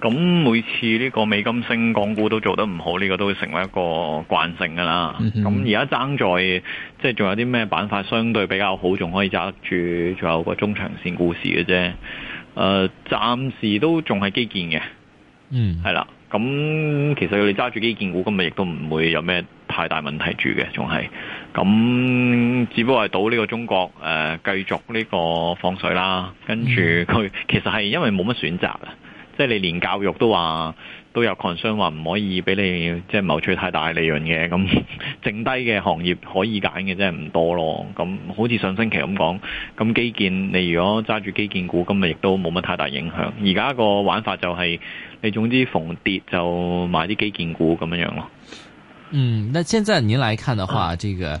咁每次呢個美金升，港股都做得唔好，呢、呢個都會成為一個慣性㗎啦。咁而家爭在即係仲有啲咩板塊相對比較好，仲可以揸得住，仲有個中長線故事嘅啫、呃。暫時都仲係基建嘅，嗯、mm，係、hmm. 啦。咁其實佢哋揸住基建股，今日亦都唔會有咩太大問題住嘅，仲係。咁只不過係賭呢個中國、呃、繼續呢個放水啦，跟住佢其實係因為冇乜選擇啦。即係你連教育都話都有 concern，話唔可以俾你即係牟取太大利潤嘅，咁剩低嘅行業可以揀嘅真係唔多咯。咁好似上星期咁講，咁基建你如果揸住基建股，咁咪亦都冇乜太大影響。而家個玩法就係、是、你總之逢跌就買啲基建股咁樣樣咯。嗯，那現在您來看的話，嗯、這個。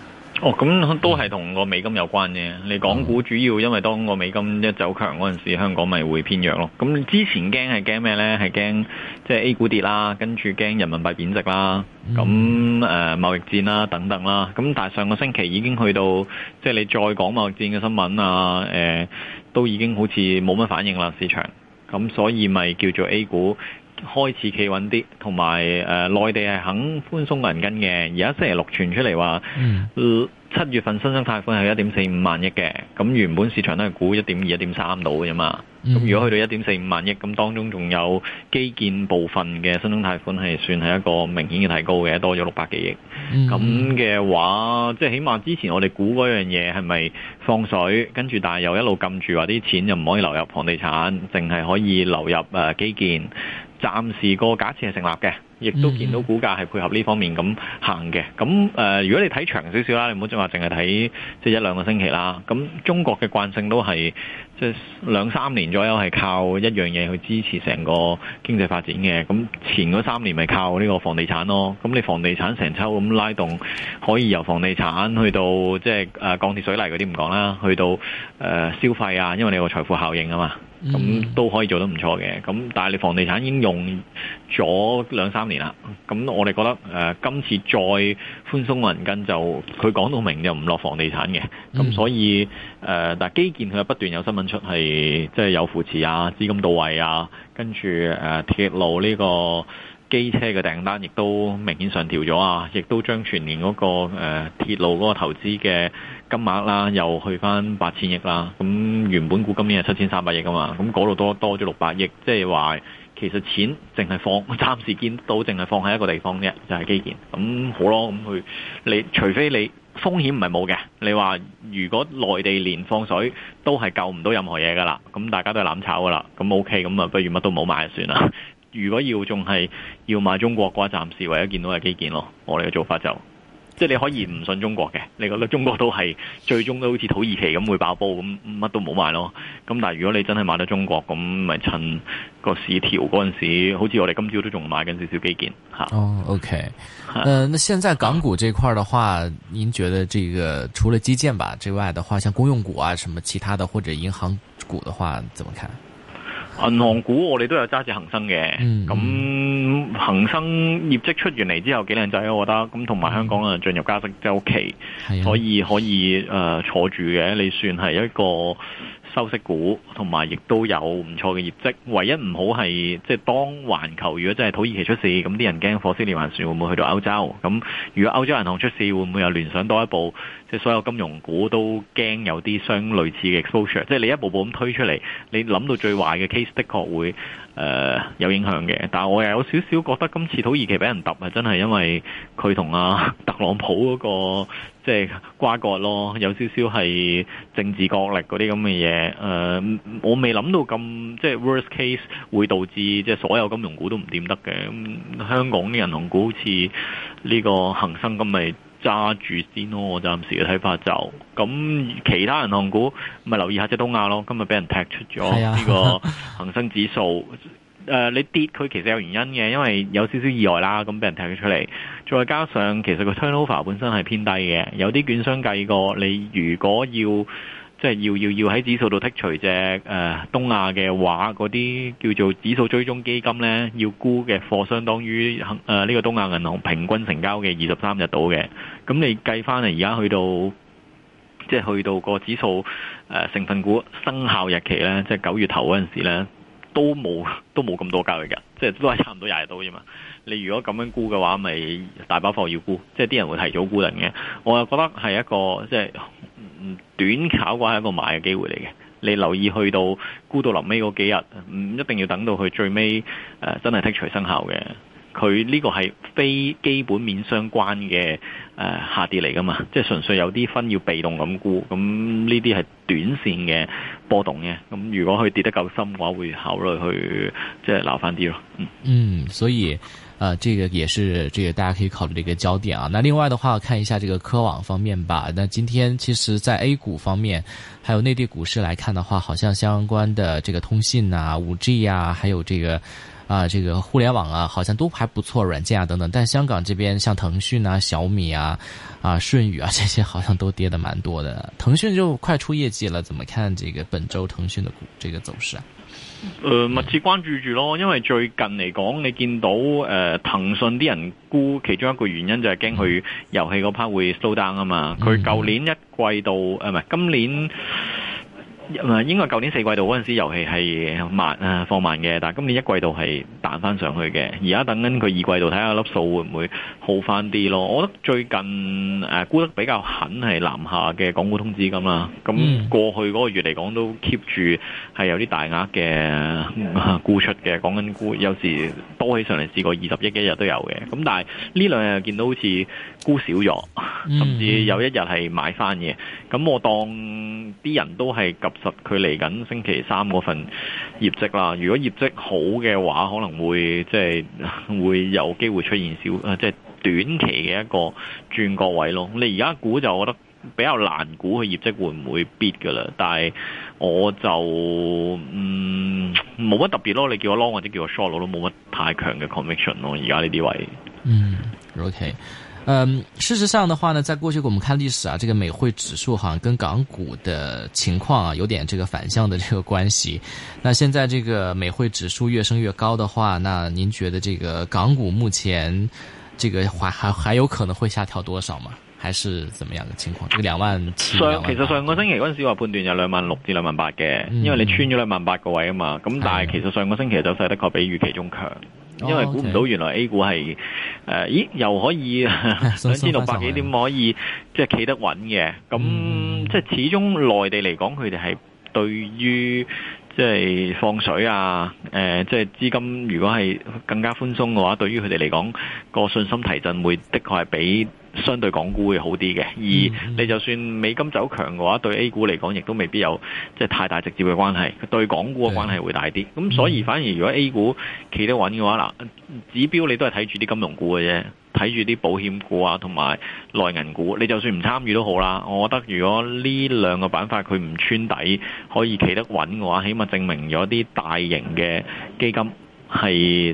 哦，咁都係同個美金有關嘅。你港股主要因為當個美金一走強嗰陣時，香港咪會偏弱咯。咁之前驚係驚咩呢？係驚即係 A 股跌啦，跟住驚人民幣貶值啦，咁、呃、貿易戰啦等等啦。咁但係上個星期已經去到，即係你再講貿易戰嘅新聞啊、呃，都已經好似冇乜反應啦，市場。咁所以咪叫做 A 股。開始企穩啲，同埋誒內地係肯寬鬆銀根嘅。而家星期六傳出嚟話、嗯呃，七月份新增貸款係一點四五萬億嘅。咁原本市場都係估一點二、一點三度嘅嘛。咁如果去到一點四五萬億，咁當中仲有基建部分嘅新增貸款係算係一個明顯嘅提高嘅，多咗六百幾億。咁嘅、嗯、話，即係起碼之前我哋估嗰樣嘢係咪放水，跟住但係又一路撳住話啲錢又唔可以流入房地產，淨係可以流入、呃、基建。暫時個假設係成立嘅，亦都見到股價係配合呢方面咁行嘅。咁、呃、如果你睇長少少啦，你唔好話淨係睇即係一兩個星期啦。咁中國嘅慣性都係。即兩三年左右係靠一樣嘢去支持成個經濟發展嘅，咁前嗰三年咪靠呢個房地產咯。咁你房地產成抽咁拉動，可以由房地產去到即係誒鋼鐵水泥嗰啲唔講啦，去到、呃、消費啊，因為你有個財富效應啊嘛，咁都可以做得唔錯嘅。咁但係你房地產已經用咗兩三年啦，咁我哋覺得、呃、今次再寬鬆銀根就佢講到明就唔落房地產嘅，咁所以、呃、但係基建佢又不斷有新聞。出係即係有扶持啊，資金到位啊，跟住誒、呃、鐵路呢個機車嘅訂單亦都明顯上調咗啊，亦都將全年嗰、那個誒、呃、鐵路嗰個投資嘅金額啦，又去翻八千億啦。咁原本估今年係七千三百億噶嘛，咁嗰度多多咗六百億，即係話其實錢淨係放，暫時見到淨係放喺一個地方啫，就係、是、基建。咁好咯，咁佢你除非你。風險唔係冇嘅，你話如果內地連放水都係救唔到任何嘢㗎啦，咁大家都係攬炒㗎啦，咁 OK，咁啊不如乜都冇買就算啦。如果要仲係要買中國嘅話，暫時唯一見到嘅基建咯，我哋嘅做法就。即係你可以唔信中國嘅，你覺得中國都係最終都好似土耳其咁會爆煲咁，乜都冇買咯。咁但係如果你真係買咗中國，咁咪趁個市調嗰陣時，好似我哋今朝都仲買緊少少基建嚇。哦，OK，誒、呃，那現在港股這塊的話， 您覺得這個除了基建吧之外的話，像公用股啊、什麼其他的或者銀行股的話，怎麼看？銀行股我哋都有揸住恒生嘅，咁恒、嗯、生業績出完嚟之後幾靚仔我覺得，咁同埋香港啊進入加息周期，可以可以誒坐住嘅，你算係一個。收息股同埋亦都有唔錯嘅業績，唯一唔好係即係當環球如果真係土耳其出事，咁啲人驚火燒連環船會唔會去到歐洲？咁如果歐洲銀行出事，會唔會又聯想多一步？即係所有金融股都驚有啲相類似嘅 exposure，即係你一步步咁推出嚟，你諗到最壞嘅 case 的確會。誒、呃，有影響嘅，但係我又有少少覺得今次土耳其俾人揼係真係因為佢同阿特朗普嗰，那個即係瓜葛咯，有少少係政治角力嗰啲咁嘅嘢。誒、呃，我未諗到咁即係 worst case 會導致即係所有金融股都唔掂得嘅。香港啲銀行股好似呢個恒生咁咪。揸住先咯，我暫時嘅睇法就咁。其他銀行股咪留意下隻東亞咯，今日俾人踢出咗呢個恒生指數。誒、 呃，你跌佢其實有原因嘅，因為有少少意外啦，咁俾人踢咗出嚟。再加上其實個 turnover 本身係偏低嘅，有啲券商計過，你如果要。即係要要要喺指數度剔除隻誒、呃、東亞嘅話，嗰啲叫做指數追蹤基金呢，要沽嘅貨相當於誒呢個東亞銀行平均成交嘅二十三日度嘅，咁你計翻嚟而家去到，即係去到個指數、呃、成分股生效日期呢，即係九月頭嗰陣時呢。都冇都冇咁多交易㗎，即係都係差唔多廿日到啫嘛。你如果咁樣估嘅話，咪大把貨要估，即係啲人會提早估人嘅。我又覺得係一個即係短炒嘅話，係一個買嘅機會嚟嘅。你留意去到估到臨尾嗰幾日，唔一定要等到佢最尾，誒、呃、真係剔除生效嘅。佢呢個係非基本面相關嘅誒、呃、下跌嚟噶嘛，即係純粹有啲分要被動咁估，咁呢啲係短線嘅。波動嘅，咁如果佢跌得夠深嘅話，會考慮去即係撈翻啲咯。嗯，所以，啊、呃，這個也是，這個大家可以考慮的一個焦點啊。那另外的話，看一下這個科網方面吧。那今天其實在 A 股方面，還有內地股市來看的話，好像相關的這個通信啊、五 G 啊，還有這個。啊，這個互聯網啊，好像都還不錯，軟件啊等等，但香港這邊像騰訊啊、小米啊、啊舜宇啊，這些好像都跌得蠻多的。騰訊就快出業績了，怎麼看這個本周騰訊的股這個走勢啊？呃、嗯、密切關注住咯，因為最近嚟講，你見到誒、呃、騰訊啲人沽，其中一個原因就係驚佢遊戲嗰 part 會 slow down 啊嘛。佢舊年一季度，誒唔係今年。應該舊年四季度嗰陣時，遊戲係慢啊放慢嘅，但今年一季度係彈翻上去嘅。而家等緊佢二季度，睇下粒數會唔會好翻啲咯？我覺得最近誒沽、啊、得比較狠係南下嘅港股通資金啦。咁過去嗰個月嚟講，都 keep 住係有啲大額嘅沽出嘅、啊，講緊沽，有時多起上嚟試過二十億一日都有嘅。咁但係呢兩日見到好似沽少咗，甚至有一日係買翻嘅。咁我當啲人都係及。佢嚟緊星期三嗰份業績啦，如果業績好嘅話，可能會即係會有機會出現小即係短期嘅一個轉角位咯。你而家估就我覺得比較難估佢業績會唔會 beat 噶啦，但係我就嗯冇乜特別咯。你叫我 long 或者叫我 short 都冇乜太強嘅 conviction 咯。而家呢啲位，嗯，OK。嗯，事實上的話呢，在過去給我們看歷史啊，這個美匯指數好像跟港股的情況啊有點這個反向的這個關係。那現在這個美匯指數越升越高的話，那您覺得這個港股目前這個還還還有可能會下調多少嗎？還是怎麼樣的情況？這個兩萬七。上其實上個星期嗰陣時話判斷有兩萬六至兩萬八嘅，因為你穿咗兩萬八個位啊嘛。咁但係其實上個星期嘅走勢的確比預期中強。嗯因為估唔到原來 A 股係誒，咦又可以兩千六百幾點可以即係企得穩嘅。咁即係始終內地嚟講，佢哋係對於即係放水啊，誒即係資金如果係更加寬鬆嘅話，對於佢哋嚟講個信心提振會的確係比。相對港股會好啲嘅，而你就算美金走強嘅話，對 A 股嚟講亦都未必有即係太大直接嘅關係，對港股嘅關係會大啲。咁所以反而如果 A 股企得穩嘅話，嗱，指標你都係睇住啲金融股嘅啫，睇住啲保險股啊，同埋內銀股，你就算唔參與都好啦。我覺得如果呢兩個板塊佢唔穿底，可以企得穩嘅話，起碼證明咗啲大型嘅基金。係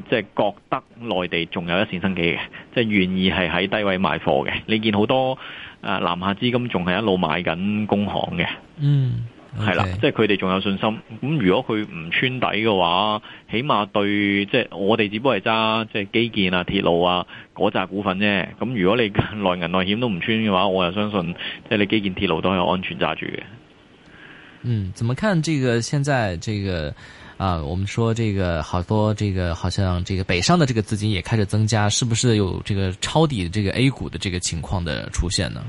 即係覺得內地仲有一線生機嘅，即係願意係喺低位買貨嘅。你見好多誒、呃、南下資金仲係一路買緊工行嘅，嗯，係啦的，okay. 即係佢哋仲有信心。咁如果佢唔穿底嘅話，起碼對即係、就是、我哋只不過係揸即係基建啊、鐵路啊嗰扎股份啫。咁如果你內銀內險都唔穿嘅話，我又相信即係你基建鐵路都係有安全揸住嘅。嗯，怎麼看這個現在這個？啊，我們說這個好多，這個好像這個北上的這個資金也開始增加，是不是有這個抄底這個 A 股的這個情況的出現呢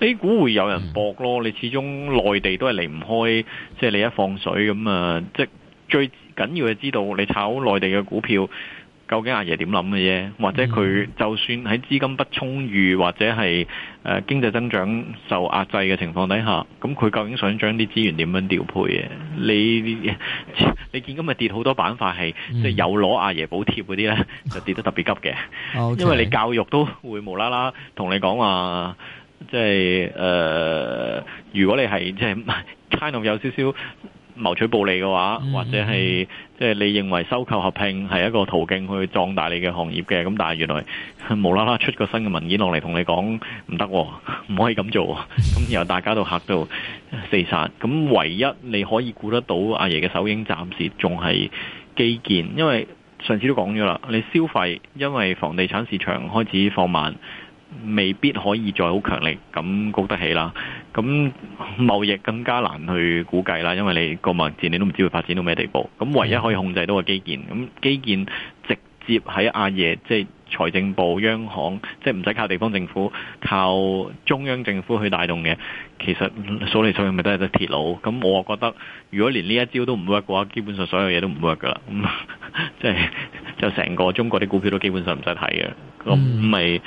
？A 股會有人搏咯，嗯、你始終內地都係離唔開，即係你一放水咁啊，即最緊要係知道你炒內地嘅股票。究竟阿爺點諗嘅嘢？或者佢就算喺資金不充裕或者係誒、呃、經濟增長受壓制嘅情況底下，咁佢究竟想將啲資源點樣調配嘅？你你見今日跌好多板塊係即係有攞阿爺補貼嗰啲呢，就跌得特別急嘅， Okay. 因為你教育都會無啦啦同你講話、啊，即係誒、呃，如果你係即係 kind of 有少少，謀取暴利嘅話，或者係即係你認為收購合併係一個途徑去壯大你嘅行業嘅，咁但係原來無啦啦出個新嘅文件落嚟同你講唔得喎，唔可以咁做喎，咁、嗯、然後大家都嚇到四散。咁唯一你可以估得到阿爺嘅手影暫時仲係基建，因為上次都講咗啦，你消費因為房地產市場開始放慢。未必可以再好強力咁高得起啦，咁貿易更加難去估計啦，因為你個貿易戰你都唔知會發展到咩地步。咁唯一可以控制到嘅，基建，咁基建直接喺阿爺即係財政部、央行，即係唔使靠地方政府，靠中央政府去帶動嘅。其實數嚟數去咪都係得鐵路。咁我啊覺得，如果連呢一招都唔 work 嘅話，基本上所有嘢都唔 work 噶啦。咁即係就成個中國啲股票都基本上唔使睇嘅。咁咪。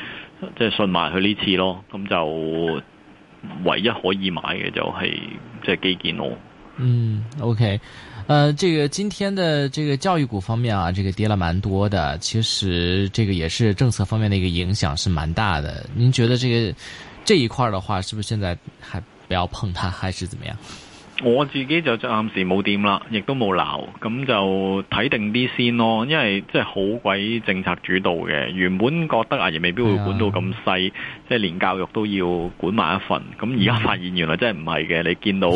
即係信埋佢呢次咯，咁就唯一可以買嘅就係即係基建咯。嗯，OK，呃，這個今天的這個教育股方面啊，這個跌了蠻多的，其實這個也是政策方面的一個影響是蠻大的。您覺得這個這一塊的話，是不是現在還不要碰它，還是怎麼樣？我自己就暫時冇掂啦，亦都冇鬧，咁就睇定啲先咯。因為即係好鬼政策主導嘅，原本覺得阿爺未必會管到咁細，是的即係連教育都要管埋一份。咁而家發現原來真係唔係嘅，你見到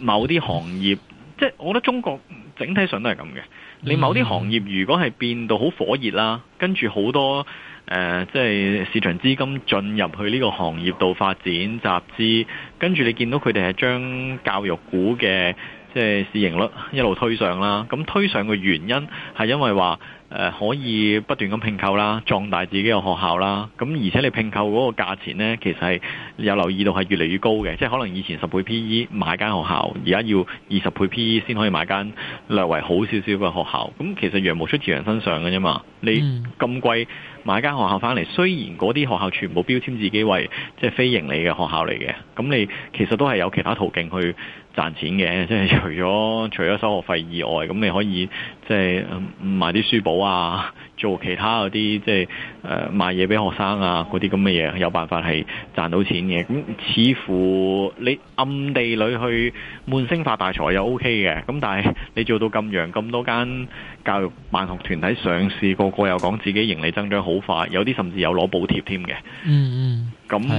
某啲行業，即係我覺得中國整體上都係咁嘅。你某啲行業如果係變到好火熱啦，跟住好多。誒、呃，即係市場資金進入去呢個行業度發展集資，跟住你見到佢哋係將教育股嘅。即係市盈率一路推上啦，咁推上嘅原因係因為話誒、呃、可以不斷咁拼購啦，壯大自己嘅學校啦。咁而且你拼購嗰個價錢呢，其實係有留意到係越嚟越高嘅，即係可能以前十倍 PE 買間學校，而家要二十倍 PE 先可以買間略為好少少嘅學校。咁其實羊毛出自羊身上嘅啫嘛，你咁貴買間學校翻嚟，雖然嗰啲學校全部標籤自己為即係非盈利嘅學校嚟嘅，咁你其實都係有其他途徑去。賺錢嘅，即係除咗除咗收學費以外，咁你可以即係賣啲書簿啊。做其他嗰啲即係誒、呃、賣嘢俾學生啊嗰啲咁嘅嘢，有辦法係賺到錢嘅。咁似乎你暗地裏去悶聲發大財又 OK 嘅。咁但係你做到咁樣咁多間教育辦學團體上市，個個又講自己盈利增長好快，有啲甚至有攞補貼添嘅。嗯嗯。咁那的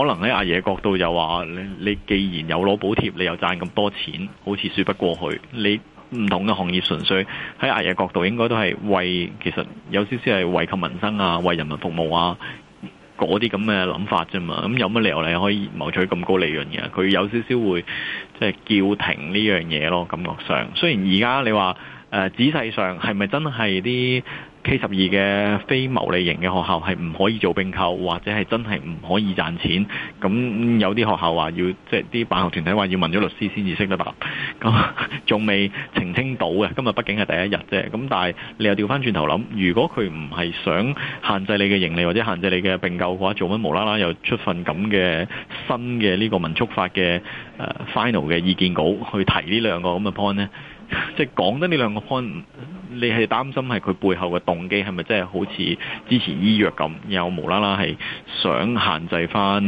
可能喺阿爺角度就話：你你既然有攞補貼，你又賺咁多錢，好似説不過去。你唔同嘅行業，純粹喺阿爺角度，應該都係為其實有少少係惠及民生啊，為人民服務啊嗰啲咁嘅諗法啫嘛。咁有乜理由你可以謀取咁高利潤嘅？佢有少少會即係叫停呢樣嘢咯。感覺上，雖然而家你話誒、呃、仔細上係咪真係啲？K 十二嘅非牟利型嘅學校係唔可以做並購，或者係真係唔可以賺錢。咁有啲學校話要，即係啲辦學團體話要問咗律師先至識得答。咁仲未澄清到嘅。今日畢竟係第一日啫。咁但係你又調翻轉頭諗，如果佢唔係想限制你嘅盈利，或者限制你嘅並購嘅話，做乜無啦啦又出份咁嘅新嘅呢個民促法嘅 final 嘅意見稿去提呢兩個咁嘅 point 呢？即係講緊呢兩個 point。你係擔心係佢背後嘅動機係咪真係好似之前醫藥咁，又無啦啦係想限制翻，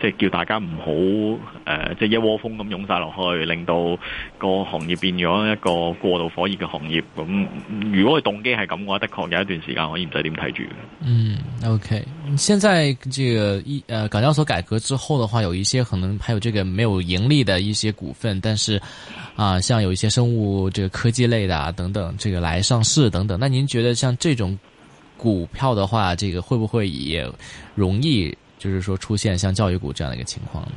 即、就、係、是、叫大家唔好誒，即、呃、係、就是、一窩蜂咁湧晒落去，令到個行業變咗一個過度火熱嘅行業。咁如果佢動機係咁嘅話，的確有一段時間可以唔使點睇住。嗯，OK，現在這個一誒、呃、港交所改革之後嘅話，有一些可能還有這個沒有盈利嘅一些股份，但是啊、呃，像有一些生物、這個科技類的啊等等，這個來上市等等，那您覺得像這種股票的話，這個會不會也容易，就是說出現像教育股這樣的一個情況呢？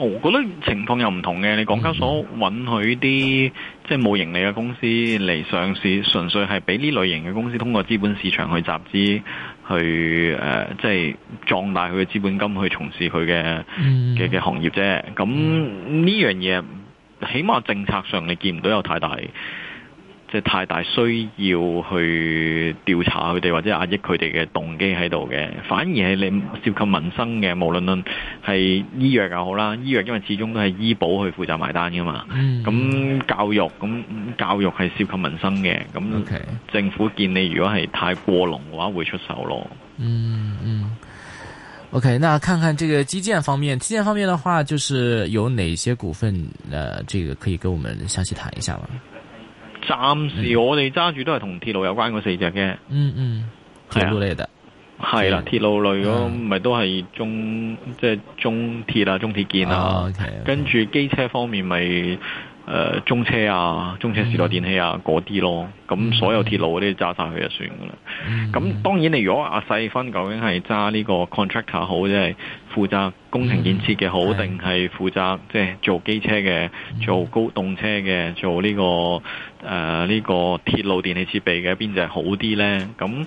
我覺得情況又唔同嘅，你港交所允許啲、嗯、即係冇盈利嘅公司嚟上市，嗯、純粹係俾呢類型嘅公司通過資本市場去集資，去誒、呃、即係壯大佢嘅資本金，去從事佢嘅嘅嘅行業啫。咁呢、嗯、樣嘢起碼政策上你見唔到有太大。即係太大，需要去調查佢哋或者壓抑佢哋嘅動機喺度嘅，反而係你涉及民生嘅，無論係醫藥又好啦，醫藥因為始終都係醫保去負責埋單噶嘛。咁、嗯、教育，咁教育係涉及民生嘅，咁政府見你如果係太過濃嘅話，會出手咯。嗯嗯。嗯、o、OK, K，那看看這個基建方面，基建方面的話，就是有哪些股份？呢、呃、這個可以跟我們詳細談一下嘛。暫時我哋揸住都係同鐵路有關嗰四隻嘅、嗯，嗯鐵嗯，鐵路嚟嘅，係啦，鐵路類嗰咪都係中，即係中鐵啊，中鐵建啊，哦、okay, okay. 跟住機車方面咪、就是。誒、呃、中車啊，中車時代電器啊嗰啲、嗯、咯，咁、嗯、所有鐵路嗰啲揸晒佢就算噶啦。咁、嗯、當然你如果阿細分，究竟係揸呢個 contractor 好，即係負責工程建設嘅好，定係負責即係、就是、做機車嘅、做高動車嘅、做呢、這個誒呢、呃這個鐵路電器設備嘅邊隻好啲呢？咁。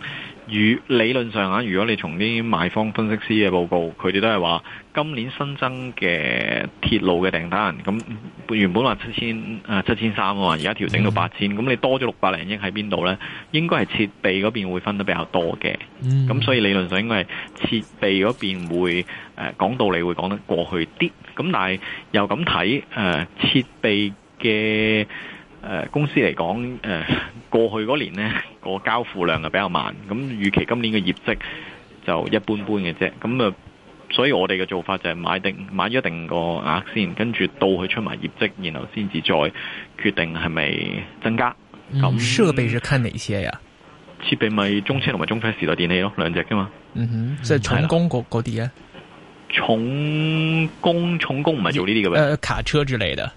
如理論上啊，如果你從啲賣方分析師嘅報告，佢哋都係話今年新增嘅鐵路嘅訂單，咁原本話七千啊七千三啊嘛，而家調整到八千、mm，咁、hmm. 你多咗六百零億喺邊度呢？應該係設備嗰邊會分得比較多嘅。咁、mm hmm. 所以理論上應該係設備嗰邊會誒、呃、講道理會講得過去啲。咁但係又咁睇誒設備嘅。誒、呃，公司嚟講，誒、呃、過去嗰年呢個交付量就比較慢，咁預期今年嘅業績就一般般嘅啫。咁啊，所以我哋嘅做法就係買定買咗一定個額先，跟住到佢出埋業績，然後先至再決定係咪增加。咁、嗯、設備是看哪些呀？設備咪中車同埋中車時代電器咯，兩隻噶嘛。嗯哼，即係重工嗰啲啊？重工重工唔係做呢啲嘅咩？誒、呃，卡車之類嘅。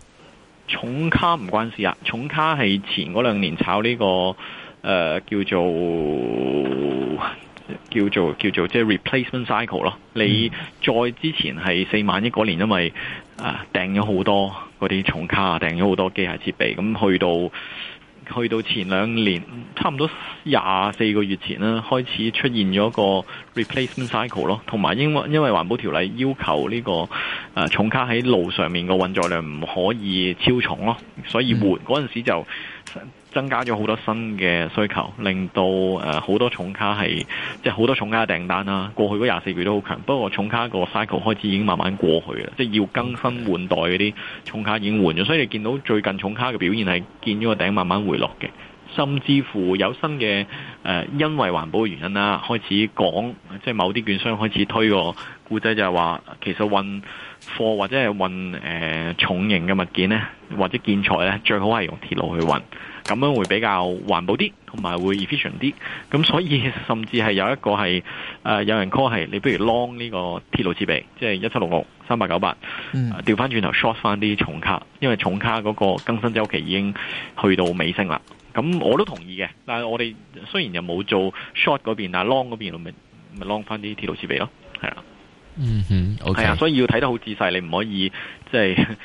重卡唔關事啊，重卡係前嗰兩年炒呢、呢個誒、呃、叫做叫做叫做即係 replacement cycle 咯、嗯。你再之前係四萬億嗰年，因為啊訂咗好多嗰啲重卡啊，訂咗好多，多機械設備，咁去到。去到前兩年，差唔多廿四個月前啦，開始出現咗個 replacement cycle 咯，同埋因為因為環保條例要求呢個重卡喺路上面嘅運載量唔可以超重咯，所以換嗰陣時就。增加咗好多新嘅需求，令到誒好、呃、多重卡係即係好多重卡訂單啦。過去嗰廿四個月都好強，不過重卡個 cycle 開始已經慢慢過去啦，即係要更新換代嗰啲重卡已經換咗，所以你見到最近重卡嘅表現係見咗個頂慢慢回落嘅，甚至乎有新嘅誒、呃、因為環保嘅原因啦，開始講，即係某啲券商開始推個故仔就係話其實運。貨或者係運誒重型嘅物件咧，或者建材咧，最好係用鐵路去運，咁樣會比較環保啲，同埋會 efficient 啲。咁所以甚至係有一個係誒、呃、有人 call 係你，不如 long 呢個鐵路設備，即係一七六六三八九八，嗯，調翻轉頭 short 翻啲重卡，因為重卡嗰個更新周期已經去到尾聲啦。咁我都同意嘅，但係我哋雖然又冇做 short 嗰邊但，long 嗰邊咪咪 long 翻啲鐵路設備咯，係啦。嗯哼，係、okay、啊，所以要睇得好仔細，你唔可以即係、就是、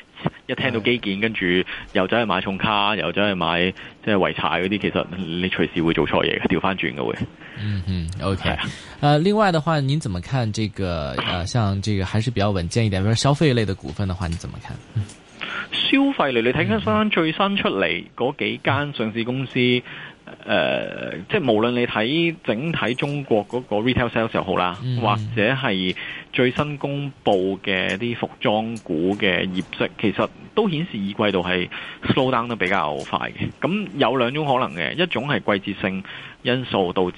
一聽到基建，跟住、嗯、哼又走去買重卡，又走去買即係濰柴嗰啲，其實你隨時會做錯嘢嘅，調翻轉嘅會。嗯嗯，OK。誒、呃，另外的話，您怎麼看這個？誒、呃，像這個還是比較穩健一點，比如說消費類的股份的話，你怎麼看？嗯、消費類，你睇翻最新出嚟嗰幾間上市公司。誒、呃，即係無論你睇整體中國嗰個 retail sales 又好啦，嗯嗯或者係最新公布嘅啲服裝股嘅業績，其實都顯示二季度係 slow down 得比較快嘅。咁有兩種可能嘅，一種係季節性。因素導致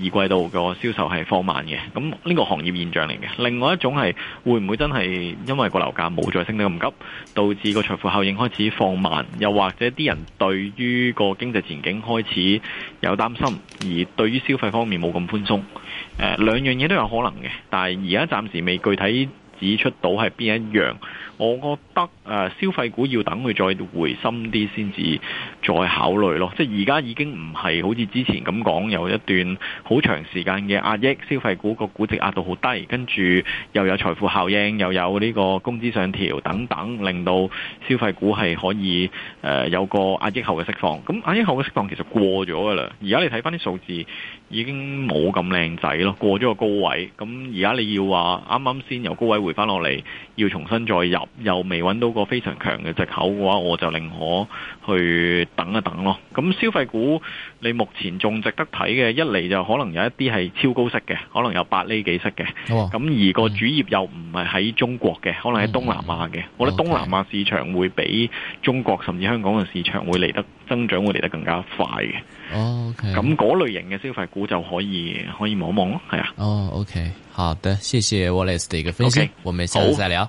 二季度個銷售係放慢嘅，咁呢個行業現象嚟嘅。另外一種係會唔會真係因為個樓價冇再升得咁急，導致個財富效應開始放慢，又或者啲人對於個經濟前景開始有擔心，而對於消費方面冇咁寬鬆。呃，兩樣嘢都有可能嘅，但係而家暫時未具體指出到係邊一樣。我覺得誒、呃、消費股要等佢再回深啲先至再考慮咯。即係而家已經唔係好似之前咁講，有一段好長時間嘅壓抑，消費股個估值壓到好低，跟住又有財富效應，又有呢個工資上調等等，令到消費股係可以誒、呃、有個壓抑後嘅釋放。咁壓抑後嘅釋放其實過咗㗎啦。而家你睇翻啲數字已經冇咁靚仔咯，過咗個高位。咁而家你要話啱啱先由高位回返落嚟，要重新再入。又未揾到個非常強嘅藉口嘅話，我就寧可去等一等咯。咁消費股你目前仲值得睇嘅，一嚟就可能有一啲係超高息嘅，可能有八厘幾息嘅。咁、哦、而個主業又唔係喺中國嘅，嗯、可能喺東南亞嘅。嗯嗯、我覺得東南亞市場會比中國甚至香港嘅市場會嚟得增長，會嚟得更加快嘅。咁嗰、哦 okay, 類型嘅消費股就可以可以望一望咯，係啊。哦、o、okay, k 好的，謝謝 Wallace 嘅個分析，okay, 我們下次再聊。